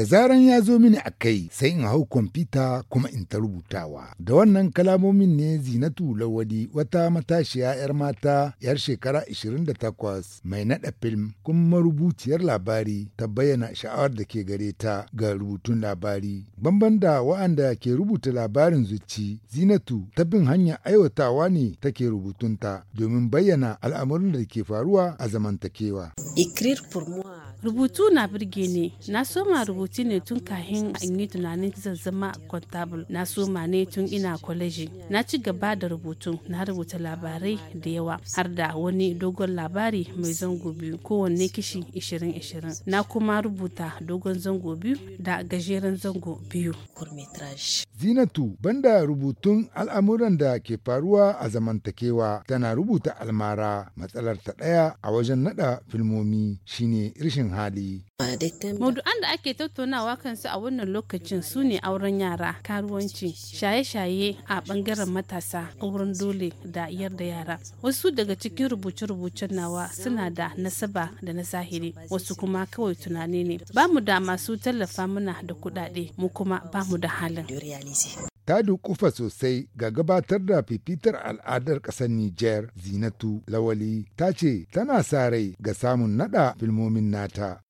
da zaran ya zo mini a kai sai in hau kwamfuta kuma in ta rubutawa da wannan kalamomin ne zinatu lawali wata matashiya 'yar mata 'yar shekara 28 mai naɗa film kuma marubuciyar labari ta bayyana sha'awar da ke gare ta ga rubutun labari bamban da wa'anda ke rubuta labarin zuci zinatu ta bin hanyar aiwatawa ne take rubutunta domin bayyana al'amuran da ke faruwa a zamantakewa. rubutu na birge ne na soma rubutu ne tun kahin in yi tunanin zan zama kwantabul na soma ne tun ina kwaleji na ci gaba da rubutu na rubuta labarai da yawa har da wani dogon labari mai zango biyu kowanne kishi 20-20 na kuma rubuta dogon zango biyu da gajeren zango biyu zinatu banda rubutun al'amuran da ke faruwa a zamantakewa tana rubuta almara matsalar ta ɗaya a wajen nada filmomi shine rishin hali. Maudu'an da ake tattaunawa kan su a wannan lokacin su ne auren yara, karuwanci, shaye-shaye a bangaren matasa, auren dole da da yara. Wasu daga cikin rubuce-rubucen nawa suna da nasaba da na zahiri, wasu kuma kawai tunani ne. Ba mu da masu tallafa muna da kuɗaɗe, mu kuma ba mu da halin. ta dukufa sosai ga gabatar da fifitar al'adar ƙasar Nijar Zinatu Lawali ta ce tana sa rai ga samun nada filmomin nata.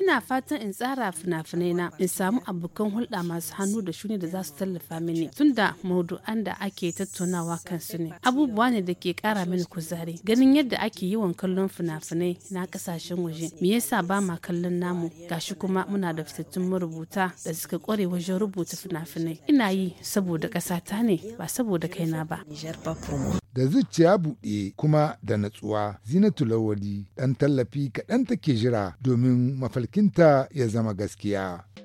Ina fatan in tsara fina-finai na in samu abokan hulɗa masu hannu da shuni da za su tallafa mini tunda maudu'an da ake tattaunawa kansu ne. Abubuwa ne da ke kara mini kuzari ganin yadda ake yawan kallon fina-finai na ƙasashen waje. Me yasa ba ma kallon namu gashi kuma muna da fitattun marubuta da suka ƙware wajen rubuta fina-finai. Ina yi saboda ƙasata ne ba saboda kaina ba. Da zuciya buɗe kuma da natsuwa zinatu lawali ɗan tallafi kaɗan take jira domin mafalkinta ya zama gaskiya.